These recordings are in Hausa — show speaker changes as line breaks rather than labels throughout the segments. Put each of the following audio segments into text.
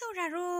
苏拉罗。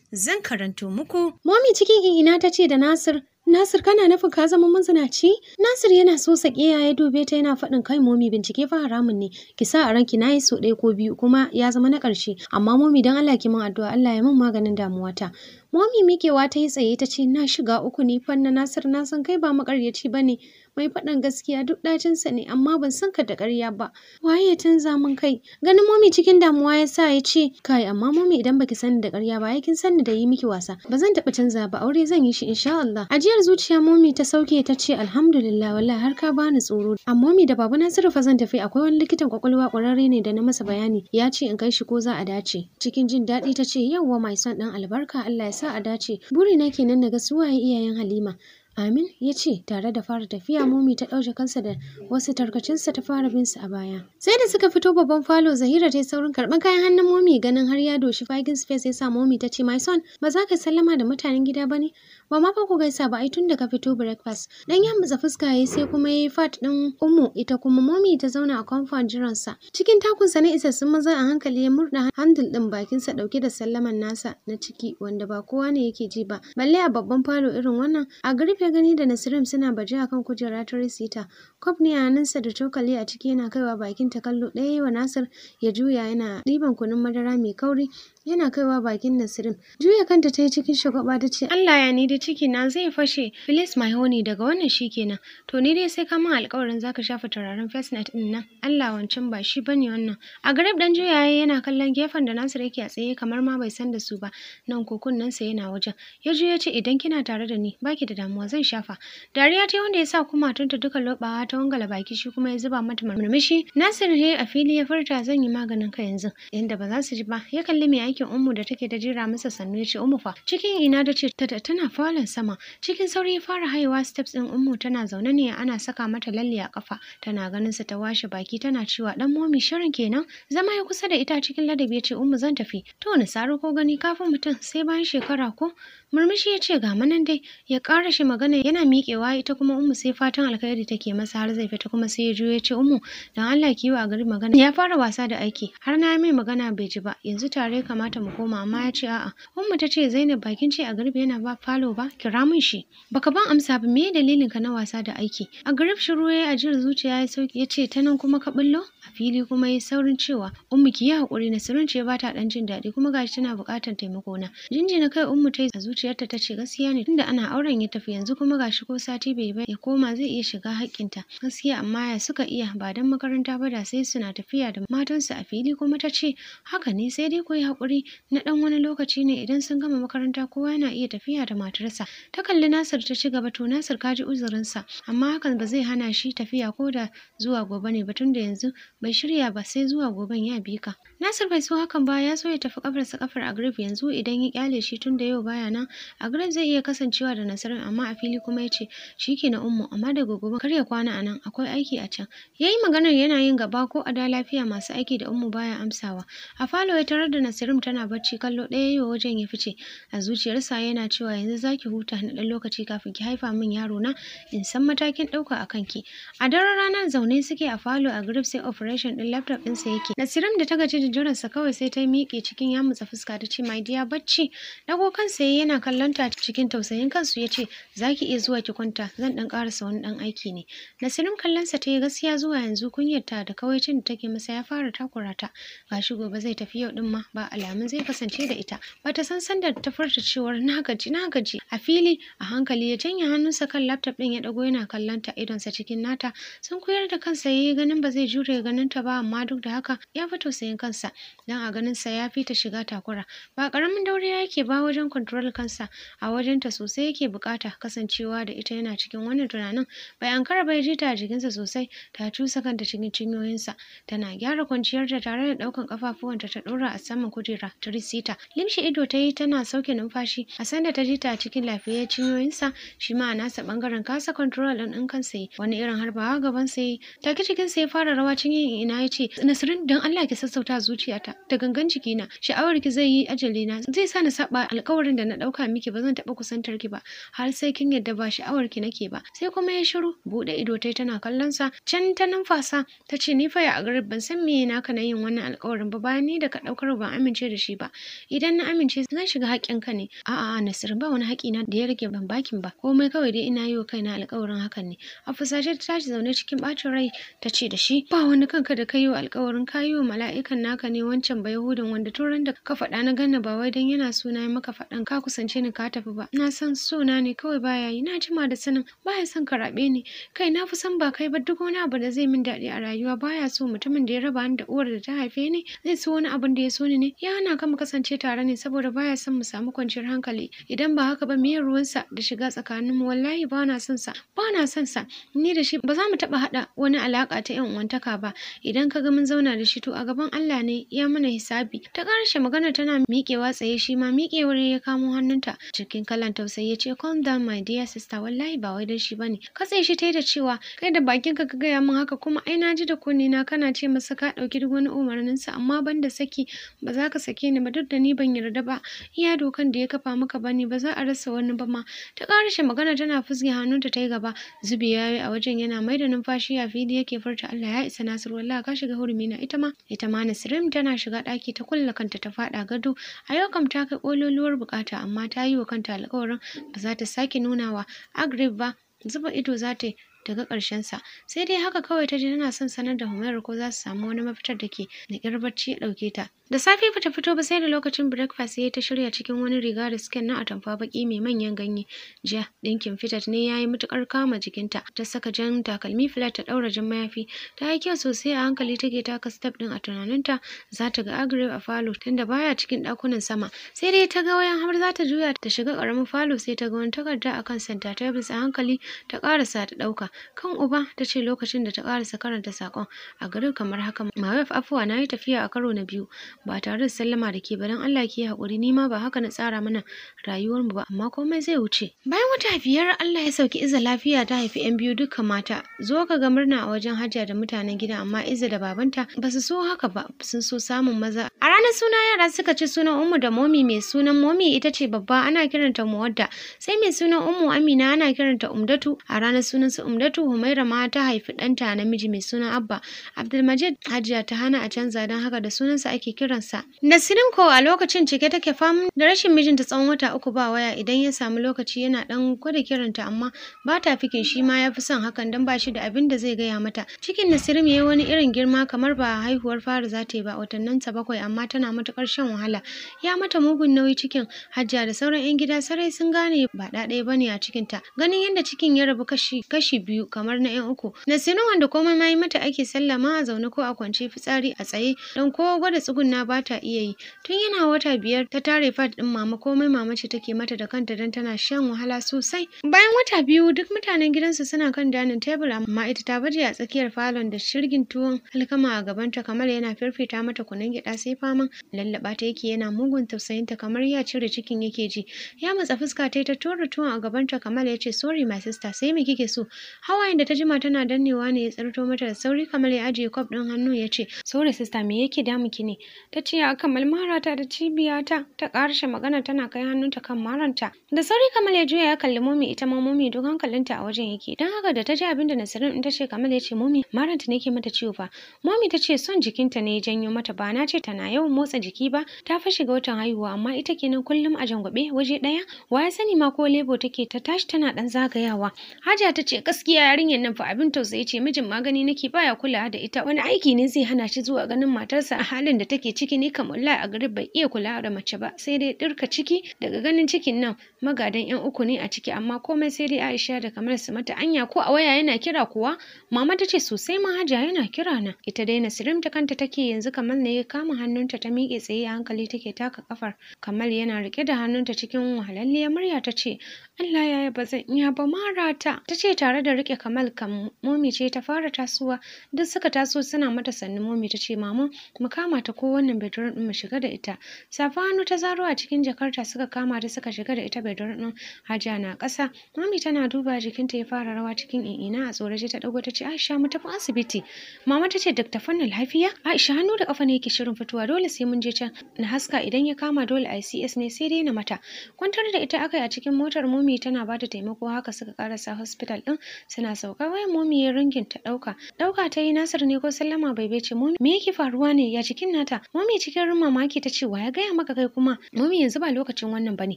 zan karanto muku. Momi cikin ina ta ce da Nasir, Nasir kana nufin ka zama mazinaci? Nasir yana so sake ya dube ta yana faɗin kai momi bincike fa haramun ne. Ki sa a ranki na yi so ɗaya ko biyu kuma ya zama na ƙarshe. Amma momi don Allah ki min addu'a Allah ya min maganin damuwata. Momi mikewa ta yi tsaye ta ce na shiga uku ne fanna Nasir na san kai ba makaryaci ne. mai faɗan gaskiya duk ɗacinsa ne amma ban san ka da ƙarya ba waye ya canza mun kai ganin momi cikin damuwa ya sa ya ce kai amma momi idan baki sani da ƙarya ba ya kin sani da yi miki wasa ba zan taɓa canza ba aure zan yi shi insha Allah ajiyar zuciya momi ta sauke ta ce alhamdulillah wallahi har ka bani tsoro amma momi da babu Nasiru fa zan tafi akwai wani likitan kwakwalwa ƙwararre ne da na masa bayani ya ce in kai shi ko za a dace cikin jin daɗi ta ce yawwa mai son ɗan albarka Allah ya sa a dace buri na kenan na ga suwaye iyayen Halima Amin ya ce tare da fara tafiya momi ta ɗauke kansa da wasu tarkacinsa ta fara bin su a baya. Sai da suka fito babban falo Zahira ta yi saurin karɓar kayan hannun momi ganin har ya doshi fagin space ya sa momi ta ce my son ba za ka sallama da mutanen gida ba ne? ba ma fa ku gaisa ba ai tun da ka fito breakfast dan ya mutsa fuska yayi sai kuma yayi fat din ummu ita kuma mommy ta zauna a comfort jiran sa cikin takun sa ne isa sun maza a hankali ya murda handle din bakin sa dauke da sallaman nasa na ciki wanda ba kowa ne yake ji ba balle a babban falo irin wannan a garfe gani da Nasirim suna baje akan kujera ta risita kwaf ne a sa da cokali a ciki yana kaiwa bakin ta kallo ɗaya wa Nasir ya juya yana ɗiban kunun madara mai kauri yana kaiwa bakin Nasirin. Juya kanta ta yi cikin shagwaba ta ce, Allah ya ni da ciki na zai fashe. Please my honey daga wannan shi kenan. To ni dai sai kama alkawarin za ka shafa turaren face net ɗin nan. Allah wancan ba shi bane wannan. A garib dan juya ya yana kallon gefen da Nasir yake a tsaye kamar ma bai san da su ba. Nan kokun nan sa yana wajen. Ya juya ce idan kina tare da ni baki da damuwa zan shafa. Dariya ta wanda ya sa kuma tunta duka lobawa ta wangala baki shi kuma ya zuba mata murmushi. Nasir ya a fili ya furta zan yi maganin ka yanzu. Yanda ba za su ji ba ya kalli me aikin Ummu da take ta jira masa sannu ya ce Ummu fa cikin ina da ce tana falon sama cikin sauri ya fara haihuwa steps ɗin Ummu tana zaune ne ana saka mata lalle a kafa tana ganin sa ta washe baki tana cewa dan momi shirin kenan zama ya kusa da ita cikin ladabi ya ce Ummu zan tafi to wani saro ko gani kafin mutum sai bayan shekara ko Murmushi ya ce ga manan dai ya ƙara shi magana yana miƙewa ita kuma Ummu sai fatan alkhairi take masa har zai fita kuma sai ya juyo ya ce Ummu dan Allah ki yi wa gari magana. Ya fara wasa da aiki har na mai magana bai ji ba yanzu tare kamata mu koma amma ya ce a'a. Ummu ta ce Zainab bakin ce a garbi yana ba falo ba kira min shi. Baka ban amsa ba me dalilin ka na wasa da aiki? A garib shiru ya ajiyar zuciya ya sauki ya ce ta nan kuma ka bullo a fili kuma ya saurin cewa Ummu ki yi haƙuri na ce ba ta ɗan jin daɗi kuma gashi tana buƙatar taimako na. Jinjina kai Ummu ta yi a zuciya zuciyarta ta ce gaskiya ne tunda ana auren ya tafi yanzu kuma gashi ko sati bai ba ya koma zai iya shiga haƙƙinta gaskiya amma ya suka iya ba dan makaranta ba da sai suna tafiya da matansu a fili kuma ta ce haka ne sai dai ku yi haƙuri na dan wani lokaci ne idan sun gama makaranta kowa yana iya tafiya da matarsa ta kalli Nasir ta ci gaba to Nasir ka ji uzurinsa amma hakan ba zai hana shi tafiya ko da zuwa gobe ne ba tunda yanzu bai shirya ba sai zuwa goben ya bika. Nasir bai so hakan ba ya so ya tafi kafarsa kafar a grave yanzu idan ya kyale shi tunda yau baya nan a gurin zai iya kasancewa da nasara amma a fili kuma yace ce shi ke na ummu amma daga gobe kar ya kwana a nan akwai aiki a can yayi yi maganar yana yin gaba ko a da lafiya masu aiki da ummu baya amsawa a falo ya tarar da nasirim tana bacci kallo ɗaya yayi wa wajen ya fice a zuciyarsa yana cewa yanzu zaki huta na ɗan lokaci kafin ki haifa min yaro na in san matakin ɗauka a kanki a daren ranar zaune suke a falo a grip sai operation ɗin laptop ɗinsa yake nasirim da ta gaji da jiransa kawai sai ta miƙe cikin ya mutsa fuska ta ce my dear bacci dago kansa yana kallonta kallon ta cikin tausayin kansu ya ce za ki iya zuwa ki kwanta zan ɗan ƙarasa wani ɗan aiki ne nasirin kallonsa ta yi gaskiya zuwa yanzu kunyarta da kawaicin da take masa ya fara takura ta gashi gobe zai tafi yau ɗin ma ba alamun zai kasance da ita ba ta san sanda ta furta cewar na gaji na gaji a fili a hankali ya janye hannunsa kan laptop ɗin ya ɗago yana kallon ta idonsa cikin nata sun koyar da kansa ya yi ganin ba zai jure ganin ta ba amma duk da haka ya fi tausayin kansa dan a ganin sa ya fi ta shiga takura ba karamin dauriya yake ba wajen control kansa kansa a wajen ta sosai yake bukata kasancewa da ita yana cikin wannan tunanin bai ankara bai ji ta jikinsa sosai ta cusa kanta cikin cinyoyinsa tana gyara kwanciyarta tare da ɗaukan kafafuwanta ta ta dora a saman kujera risita limshi ido ta yi tana sauke numfashi a sanda ta ji ta cikin lafiyar cinyoyinsa shi ma a nasa bangaren kasa control din din kansa yi wani irin harbawa gaban sa yi take cikin sa ya fara rawa yin ina ya ce nasirin don Allah ki sassauta zuciyata da gangan jikina sha'awar ki zai yi ajali na zai sa na saba alkawarin da na dauka auka miki ba zan taɓa kusantar ki ba har sai kin yadda ba sha'awar ki nake ba sai kuma ya shiru buɗe ido tai tana kallon sa can ta numfasa ta ce ni fa ya agarib ban san me naka na yin wannan alƙawarin ba bayan ni da ka ɗaukar ban amince da shi ba idan na amince zan shiga haƙƙin ka ne a'a Nasir ba wani haƙƙi na da ya rage ban bakin ba komai kawai dai ina yi wa kaina alƙawarin hakan ne a fusace ta tashi zaune cikin ɓacin rai ta ce da shi ba wani kanka da ka yi wa alƙawarin ka yi wa mala'ikan naka ne wancan ba yahudin wanda turan da ka faɗa na ganna ba wai dan yana suna maka faɗan ka kusa kusance ni ka tafi ba na san so na ne kawai baya yi na jima da sanin baya son ka rabe ni kai na fi san ba kai ba duk wani abu da zai min daɗi a rayuwa baya so mutumin da ya raba ni da uwar da ta haife ni zai so wani abin da ya so ni ne ya hana ka mu kasance tare ne saboda baya son mu samu kwanciyar hankali idan ba haka ba me sa da shiga tsakanin mu wallahi ba na son sa ba na son sa ni da shi ba za mu taba haɗa wani alaka ta yan uwantaka ba idan ka ga mun zauna da shi to a gaban Allah ne ya mana hisabi ta karshe magana tana miƙewa tsaye shi ma miƙewar ya kamo hannu hannunta cikin kalan tausayi ya ce calm down my dear sister wallahi ba wai dan shi bane katse shi yi da cewa kai da bakin ka gaya mun haka kuma ai na ji da kunni na kana ce masa ka dauki duk wani umarnin sa amma banda saki ba za ka sake ni ba duk da ni ban yarda ba iya dokan da ya kafa maka bane ba za a rasa wani ba ma ta karshe magana tana fusge hannunta ta yi gaba zubi ya yi a wajen yana mai da numfashi a fili yake furta Allah ya isa Nasir wallahi ka shiga hurumi na ita ma ita ma Nasirim tana shiga daki ta kulla kanta ta fada gado a yau kam ta kai kololuwar bukata amma amma ta yi wa kanta alƙawarin ba za ta sake nuna wa Agrib ba zuba ido za ta daga ƙarshensa sai dai haka kawai ta je tana son sanar da Humaira ko za su samu wani mafitar da ke da ƙyar ya ɗauke ta da safe ba ta fito ba sai da lokacin breakfast sai ta shirya cikin wani riga da skin na atamfa baki mai manyan ganye jiya ɗinkin fitat ne ya yi matuƙar kama jikinta ta saka jan takalmi flat ta ɗaura jan mayafi ta yi kyau sosai a hankali take taka step ɗin a tunaninta za ta ga agrave a falo tunda baya cikin ɗakunan sama sai dai ta ga wayan har za ta juya ta shiga ƙaramin falo sai ta ga wani takarda akan center tables a hankali ta ƙarasa ta ɗauka Kan uba, ta ce lokacin da ta ƙarasa karanta sakon a garin kamar haka. Mawef afuwa na yi tafiya a karo na biyu, ba tare da sallama da ke ba Allah ki yi haƙuri ni ma ba haka na tsara mana rayuwarmu ba, amma komai zai wuce. Bayan wata biyar Allah ya sauki Iza lafiya ta haifi 'yan biyu dukkan mata. Zo ka ga murna a wajen hajiya da mutanen gida amma Iza da babanta ba su so haka ba, sun so samun maza. A ranar suna yara suka ci sunan Ummu da Momi mai sunan Momi ita ce babba ana kiranta Muwadda, sai mai sunan Ummu Amina ana kiranta Umdatu a ranar sunan su Umdatu. Hamdatu Humaira ma ta haifi ɗanta namiji mai suna Abba. Abdulmajid Hajiya ta hana a canza don haka da sunansa ake kiransa. Nasirin ko a lokacin cike take fam da rashin mijinta tsawon wata uku ba waya idan ya samu lokaci yana ɗan gwada kiranta amma ba ta fikin shi ma ya fi son hakan don ba shi da abin da zai gaya mata. Cikin Nasirin ya yi wani irin girma kamar ba haihuwar fara za ta yi ba ta bakwai amma tana matuƙar shan wahala. Ya mata mugun nauyi cikin Hajiya da sauran 'yan gida sarai sun gane ba ɗaɗaya ba ne a cikinta. Ganin yadda cikin ya rabu kashi biyu biyu kamar na yan uku nasirun wanda komai ma yi mata ake sallama a zaune ko a kwance fitsari a tsaye don ko gwada tsugunna ba ta iya yi tun yana wata biyar ta tare fat din mama komai mama ce take mata da kanta don tana shan wahala sosai bayan wata biyu duk mutanen gidansu suna kan danin tebur amma ita ta baje a tsakiyar falon da shirgin tuwon alkama a gabanta kamar yana firfita mata kunun gida, sai faman lallaba ta yake yana mugun tausayinta kamar ya cire cikin yake ji ya matsa fuska ta ta tura tuwon a gabanta kamar ya ce sorry my sister sai me kike so hawayen da ta jima tana dannewa ne ya tsarto mata da sauri kamar ya ajiye kwaf ɗin hannu ya ce sorry sista me yake damu ki ne ta ce a kamal marata da cibiyata ta ƙarshe magana tana kai hannunta kan maranta da sauri kamal ya juya ya kalli momi ita ma momi duk hankalinta a wajen yake don haka da ta ji abin da nasirin ta ce kamal ya ce momi maranta ne ke mata ciwo fa momi ta ce son jikinta ne ya janyo mata ba na ce tana yawan motsa jiki ba ta fi shiga watan haihuwa amma ita kenan kullum a jangwabe waje ɗaya wa ya sani ma ko lebo take ta tashi tana ɗan zagayawa hajiya ta ce gaskiya gaskiya yarinyar nan fa abin tausayi ce mijin magani nake baya kula da ita wani aiki ne zai hana shi zuwa ganin matarsa a halin da take ciki ne kamar la a garin bai iya kula da mace ba sai dai dirka ciki daga ganin cikin nan magadan yan uku ne a ciki amma komai sai dai Aisha da kamar su mata anya ko a waya yana kira kuwa mama ta ce sosai ma haja yana kira na ita dai Nasirim ta kanta take yanzu kamar ne ya kama hannunta ta miƙe tsaye a hankali take taka kafar kamar yana rike da hannunta cikin wahalalliyar murya ta ce Allah ya ba zan iya ba mara ta ta ce tare da riƙe Kamal kan momi ce ta fara tasowa duk suka taso suna mata sannu momi ta ce maman mu kama ta ko wannan bedroom din mu shiga da ita safa hannu ta zaro a cikin jakarta suka kama ta suka shiga da ita bedroom din haja na ƙasa momi tana duba jikinta ya fara rawa cikin ina a tsorace ta dago ta ce Aisha mu tafi asibiti mama ta ce duk fannin lafiya Aisha hannu da kafa ne yake shirin fitowa dole sai mun je can na haska idan ya kama dole ICS ne sai dai na mata kwantar da ita akai a cikin motar momi tana bata taimako haka suka karasa hospital din. suna sauka wayan momi ya ringin ta ɗauka ɗauka ta yi nasir ne ko sallama bai bai ce momi me yake faruwa ne ya cikin nata momi cikin rin mamaki ta ce wa ya gaya maka kai kuma momi yanzu ba lokacin wannan bane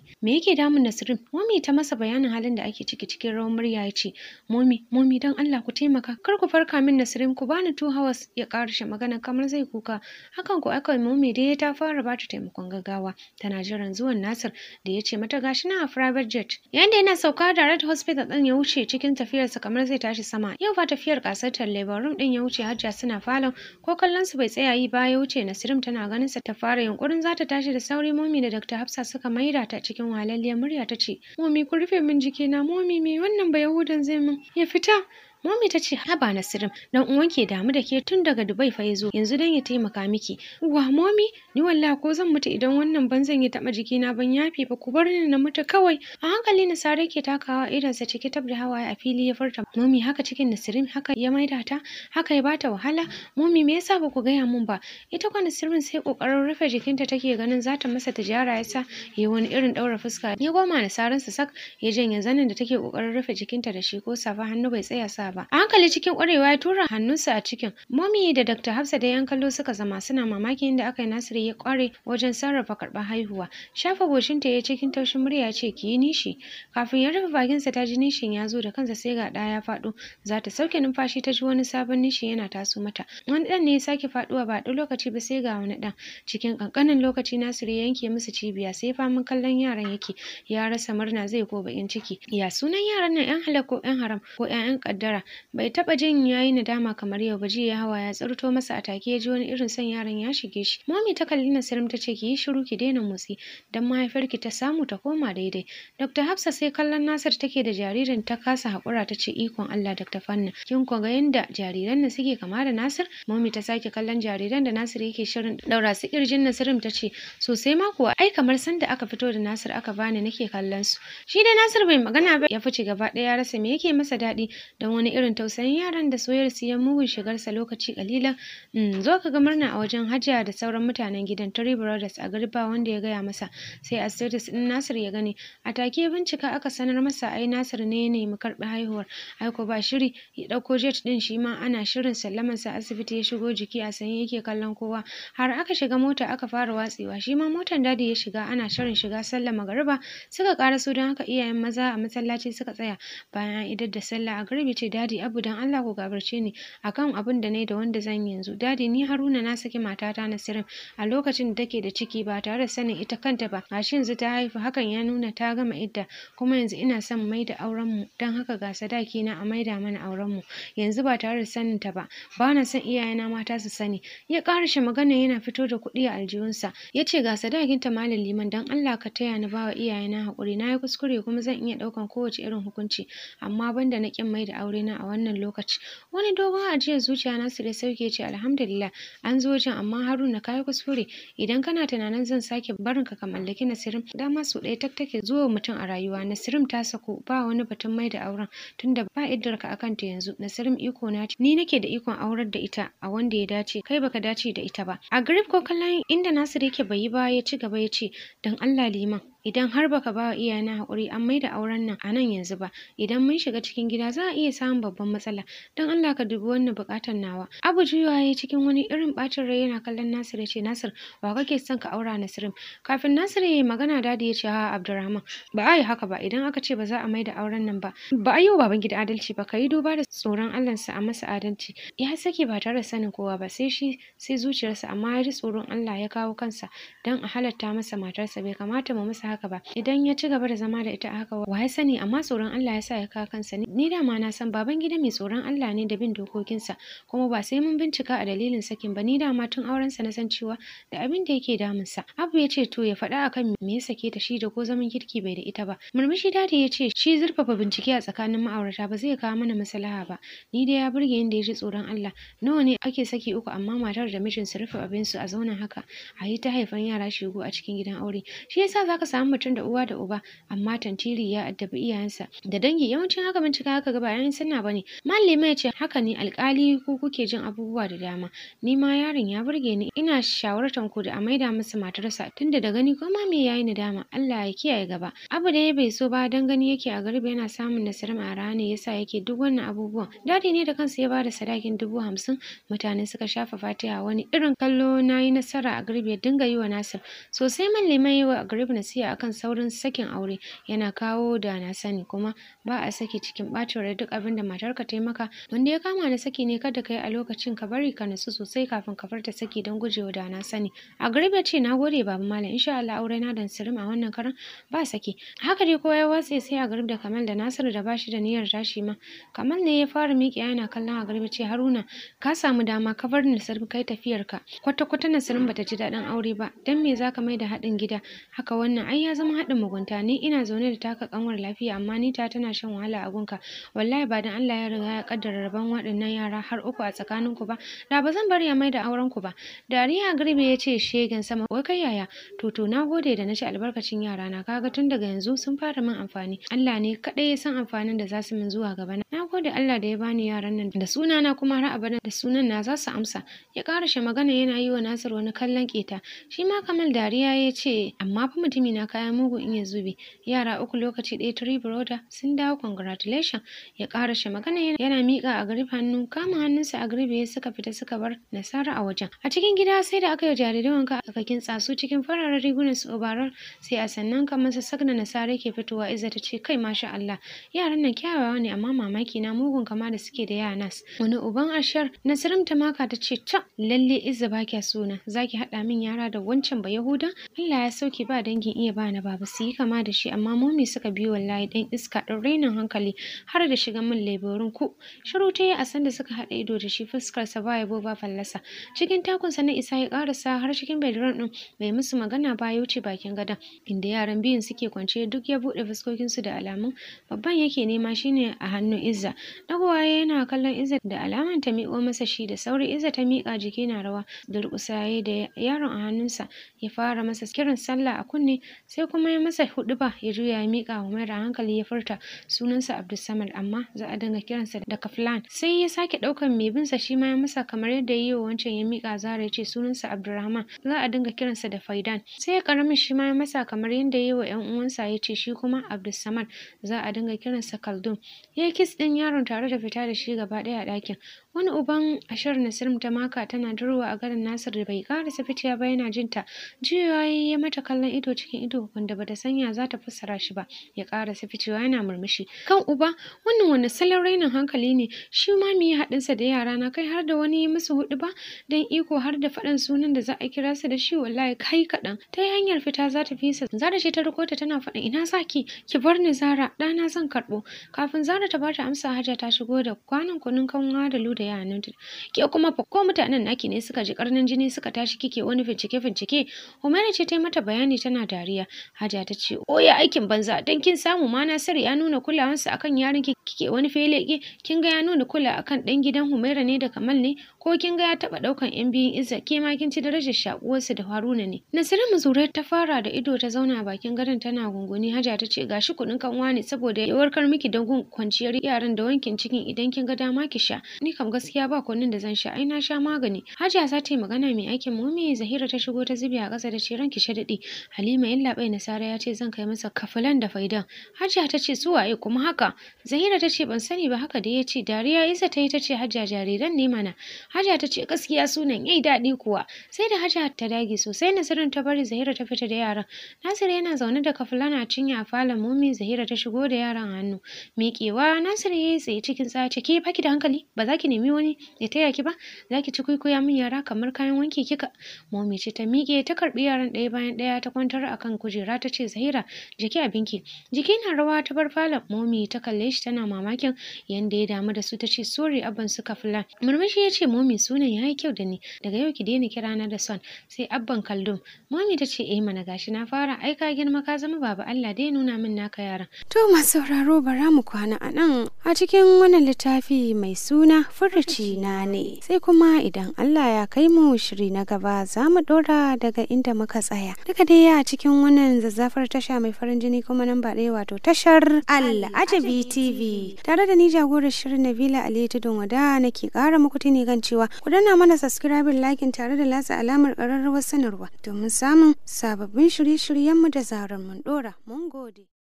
me yake damun nasirin momi ta masa bayanin halin da ake ciki cikin rawar murya ya ce momi momi don allah ku taimaka kar ku farka min nasirin ku bani two hours ya karshe magana kamar zai kuka hakan ku, aka momi dai ta fara bata taimakon gaggawa tana jiran zuwan nasir da ya ce mata gashi na a private jet yanda yana sauka direct hospital din ya wuce cikin tafiyar sa kamar zai tashi sama yau fa tafiyar kasatar labor room din ya wuce hajja suna falon ko kallon su bai tsaya yi ba ya wuce nasirim tana ganin sa ta fara yunkurin za ta tashi da sauri momi da dr hafsa suka maida ta cikin walalliyar murya ta ce momi ku rufe min jikina momi me wannan ba yahudan zai min ya fita Momi ta ce haba Nasirim dan uwan ke damu da ke tun daga Dubai fa yazo yanzu dan ya taimaka miki. Wa Momi ni wallahi ko zan mutu idan wannan ban zan yi taba jikina ban yafe ba ku bar ni na mutu kawai. A hankali Nasara ke takawa sa cike tab da hawaye a fili ya furta. Momi haka cikin Nasirim haka ya maida ta haka ya bata wahala. Momi me yasa ba ku gaya mun ba? Ita kwa sirrin sai kokarin rufe jikinta take ganin za ta masa tijara yasa yayi wani irin daura fuska. Ya goma sa sak ya janye zanin da take kokarin rufe jikinta da shi ko safa hannu bai tsaya sa ba. A hankali cikin ƙwarewa ya tura hannunsa a cikin. Momi da Dr. Hafsa da yan kallo suka zama suna mamakin inda aka yi Nasiru ya ƙware wajen sarrafa karɓar haihuwa. Shafa goshinta ya cikin taushin murya ce ki yi nishi. Kafin ya rufe bakinsa ta ji nishin ya zo da kansa sai ga ɗaya ya faɗo. Za ta sauke numfashi ta ji wani sabon nishi yana taso mata. Wani ɗan ne ya sake faɗuwa ba ɗan lokaci ba sai ga wani ɗan. Cikin ƙanƙanin lokaci Nasiru ya yanke musu cibiya sai faman kallon yaran yake. Ya rasa murna zai ko baƙin ciki. Ya sunan yaran nan 'yan halak ko 'yan haram ko ƴaƴan ƙaddara bai taɓa jin yayi nadama kamar yau ba jiya hawa ya tsarto masa a take ya ji wani irin son yaron ya shige shi mami ta kalli nasirim ta ce ki yi shiru ki daina motsi dan mahaifarki ta samu ta koma daidai dr hafsa sai kallon nasir take da jaririn ta kasa hakura ta ce ikon allah dr fanna kin ko ga yanda jariran nan suke kama da nasir mami ta sake kallon jariran da nasir yake shirin daura su kirjin nasirim ta ce sosai ma kuwa ai kamar sanda aka fito da nasir aka bani nake kallon su shi dai nasir bai magana ba ya fice gaba ɗaya ya rasa me yake masa daɗi dan wani irin tausayin yaran da soyar su ya mugun shigarsa lokaci kalilan hmm, zo ka ga murna a wajen hajiya da sauran mutanen gidan Tori Brothers a garba wanda ya gaya masa sai a status din Nasir ya gani a take bincika aka sanar masa ai Nasir ne ya nemi karɓi haihuwar aiko ba shiri ya ɗauko jet din shi ma ana shirin sallaman sa asibiti ya shigo jiki a sanye yake kallon kowa har aka shiga mota aka fara watsewa shi ma motan dadi ya shiga ana shirin shiga sallama magariba suka karaso don haka iyayen maza a masallaci suka tsaya bayan an idar da sallah a garbi ce dadi abu dan Allah ku gabarce ni akan abun da nayi da wanda zan yanzu dadi ni Haruna na saki matata na Nasirin a lokacin da take da ciki ba tare da sanin ita kanta ba gashi yanzu ta haifa hakan ya nuna ta gama idda kuma yanzu ina son mai da auren mu dan haka ga sadaki na a maida mana auren mu yanzu ba tare da sanin ta ba bana son iyayena mata su sani ya karshe magana yana fito da kuɗi a aljihunsa yace ga sadakin ta malam liman dan Allah ka taya ni bawa iyayena hakuri nayi kuskure kuma zan iya ɗaukan kowace irin hukunci amma banda na ƙin kin da aure kaina a wannan lokaci. Wani dogon ajiyar zuciya Nasiru ya sauke ya ce Alhamdulillah an zo wajen amma Haruna ka kuskure idan kana tunanin zan sake barin ka ka mallaki Nasirim dama su ɗaya tak take zuwa mutum a rayuwa Nasirim ta sako ba wani batun mai da auren tunda ba iddar ka akan ta yanzu Nasirim iko na ce ni nake da ikon aurar da ita a wanda ya dace kai baka dace da ita ba. A grip ko kallon inda Nasiru yake bai yi ba ya ci gaba ya ce don Allah liman idan har baka ba wa iyayena haƙuri an maida auren nan a nan yanzu ba idan mun shiga cikin gida za a iya samun babban matsala don Allah ka dubi wannan buƙatar nawa abu juyawa ya cikin wani irin ɓacin rai yana kallon Nasir ya ce Nasir wa kake son ka aura Nasirim kafin Nasir ya yi magana dadi ya ce ha Abdurrahman ba a yi haka ba idan aka ce ba za a maida auren nan ba ba a yi wa baban gida adalci ba ka yi duba da tsoron Allah sa a masa adalci ya sake ba tare da sanin kowa ba sai shi sai zuciyarsa amma ya ji tsoron Allah ya kawo kansa don a halatta masa matarsa bai kamata mu masa haka ba idan ya ci gaba da zama da ita haka wa ya sani amma tsoron Allah ya sa ya kawo kansa ni da ma na san baban gida mai tsoron Allah ne da bin dokokinsa kuma ba sai mun bincika a dalilin sakin ba ni dama ma tun sa na san cewa da abin da yake sa abu ya ce to ya faɗa akan me ya sake ta shi da ko zaman kirki bai da ita ba murmushi dadi ya ce shi zurfafa bincike a tsakanin ma'aurata ba zai kawo mana maslaha ba ni dai ya burge inda ya ji tsoron Allah nawa ne ake saki uku amma matar da mijin su rufe abin su a zauna haka a yi ta haifan yara shigo a cikin gidan aure shi yasa zaka samu an mutum da uwa da uba amma tantiri ya addabi iyayensa da dangi yawancin haka bincika haka ga bayan sunna bane malama ya ce haka ne alkali ko kuke jin abubuwa da dama ni ma yaron ya burge ni ina shawartan ku da a maida masa matarsa tunda da gani ko ma me yayi dama Allah ya kiyaye gaba abu da ya bai so ba dan gani yake a garbi yana samun nasarar a ne yasa yake duk wannan abubuwan dadi ne da kansa ya bada sadakin dubu hamsin mutane suka shafa fatiha wani irin kallo na yi nasara a garbi ya dinga yi wa nasir sosai malama yi wa garba nasiha akan saurin sakin aure yana kawo da na sani kuma ba a saki cikin bacin rai duk abin da matarka ta yi maka wanda ya kama na saki ne kada ka yi a lokacin ka bari ka nasu sosai kafin ka farta saki don gujewa da na sani a garba ce na gode baba malam insha Allah aure na dan sirim a wannan karan ba saki haka dai kowa ya watse sai a garba da Kamal da Nasiru da bashi da niyyar tashi ma Kamal ne ya fara miƙe yana kallon a garba ce Haruna ka samu dama ka bar sirim kai tafiyarka kwata-kwata sirim bata ji daɗin aure ba dan me zaka mai da haɗin gida haka wannan ai ya zama haɗin mugunta ni ina zaune da taka kanwar lafiya amma ni ta tana shan wahala a gunka wallahi ba dan Allah ya riga ya kaddara rabon waɗannan yara har uku a tsakanin ku ba da ba zan bari ya maida auren ku ba dariya garbe ya ce shegen sama wai kai yaya to to nagode da na ci albarkacin yara na kaga tun daga yanzu sun fara min amfani Allah ne kadai ya san amfanin da za su min zuwa gaba na nagode Allah da ya bani yaran nan da suna na kuma har abada da sunan na zasu amsa ya karashe magana yana yi wa Nasir wani kallon keta shi ma Kamal dariya ya ce amma fa mutumi na na mugu mugun iya zubi yara uku lokaci ɗaya three brother sun dawo congratulation ya shi magana yana miƙa a garib hannu kama hannunsa a garib ya suka fita suka bar nasara a wajen a cikin gida sai da aka yi jarirai wanka aka kintsa su cikin fararen rigunan su obarar sai a sannan kamar sa sagna nasara ke fitowa Iza ta ce kai masha Allah yaran nan kyawawa ne amma mamaki na mugun kama da suke da nas. wani uban ashar nasirin ta maka ta ce ta lalle Iza ba kya suna zaki haɗa min yara da wancan ba yahudan Allah ya sauke ba dangin iya ba na baba su yi kama da shi amma momi suka biyo wallahi dan iska ɗin rainin hankali har da shiga min leburin ku shiru ta yi a sanda suka haɗa ido da shi fuskar sa ba bo ba fallasa cikin takunsa na isa ya karasa har cikin bedroom din mai musu magana ba ya wuce bakin gadon inda yaran biyun suke kwance duk ya buɗe su da alamun babban yake nema shine a hannun izza dagowa yana kallon izza da alaman ta miƙo masa shi da sauri izza ta miƙa jiki na rawa durƙusa da yaron a hannunsa ya fara masa kiran sallah a kunne sai kuma ya masa ba ya juya ya mika wa mara hankali ya furta sunansa Abdulsamad amma za a dinga kiransa da Kaflan sai ya sake daukan mai binsa shi ma ya masa kamar yadda yi wa wancan ya mika Zara ya ce sunansa Abdulrahman za a dinga kiransa da Faidan sai ya karamin shi ma ya masa kamar yadda yi wa 'yan uwansa ya ce shi kuma Abdulsamad za a dinga kiransa kaldun ya kis din yaron tare da fita da shi gaba daya a dakin. wani uban ashar nasirim ta maka tana durwa a garin nasir da bai kara safiti ba yana jinta juyawa ya mata kallon ido cikin ido wanda bata sanya za ta fassara shi ba ya kara ya yana murmushi kan uba wannan wani salon rainin hankali ne shi ma mu yi haɗinsa da yara na kai har da wani musu hudu ba dan iko har da faɗan sunan da za a kira su da shi wallahi kai kaɗan ta yi hanyar fita za ta fisa zara ce ta riko ta tana faɗin ina zaki ki bar ni zara ɗana zan karɓo kafin zara ta bata amsa hajja ta shigo da kwanan kunun kanwa da luda suka hannunta ke kuma fa ko mutanen naki ne suka ji karnin jini suka tashi kike wani fincike fincike Humaira ce ta yi mata bayani tana dariya Hajiya ta ce oya oh, aikin banza dan kin samu ma Nasiru ya nuna sa akan yarin ki kike wani ki kin ga ya nuna kula akan dan gidan Humaira ne da Kamal ne ko kin ga ya taba daukan yan biyun Izza ke ma kin ci darajar sa da Haruna ne Nasiru Muzurai ta fara da ido ta zauna bakin gadon tana gunguni Hajiya ta ce gashi kudin kanwa ne saboda ya kar miki dangun kwanciyar yaran da wankin cikin idan kin ga dama ki sha ni kam gaskiya ba kunnin da zan sha ai na sha magani hajiya za ta yi magana mai aikin Mumi zahira ta shigo ta zubi a ƙasa da ce ranki shadaɗi halima illa bai nasara ya ce zan kai masa kafulan da faidan hajiya ta ce su waye kuma haka zahira ta ce ban sani ba haka da ya ce dariya isa ta yi ta ce hajiya jariran ne mana hajiya ta ce gaskiya sunan 'yai daɗi kuwa sai da hajiya ta dage sosai nasirin ta bari zahira ta fita da yaran nasir yana zaune da kafulana a cinya a falon Mumi zahira ta shigo da yaran hannu miƙewa nasir ya yi tsaye cikin ce ke faki da hankali ba za ki nemi nemi wani ya taya ki ba za ki ci kwaikwaya min yara kamar kayan wanki kika momi ce ta miƙe ta karɓi yaran ɗaya bayan ɗaya ta kwantar akan kujera ta ce zahira jiki abinki jiki na rawa ta bar falon momi ta kalle shi tana mamakin yanda ya damu da su ta ce sorry abban suka fila murmushi ya ce momi sunan ya yi kyau da ni daga yau ki daina kira na da son sai abban kaldum momi ta ce eh mana gashi na fara ai ka girma ka zama baba Allah dai nuna min naka yaran to masu sauraro bara mu kwana a nan a cikin wannan littafi mai suna fura furuci na ne sai kuma idan Allah ya kai mu shiri na gaba za mu dora daga inda muka tsaya duka dai a cikin wannan zazzafar tasha mai farin jini kuma nan ba ɗaya wato tashar Al-Ajabi tv tare da ni jagorar shirin nabila ali tudun wada nake kara muku tuni kan cewa ku danna mana subscribe lakin tare da lasa alamar ƙararrawar sanarwa domin samun sababbin shirye mu da zarar mun dora mun gode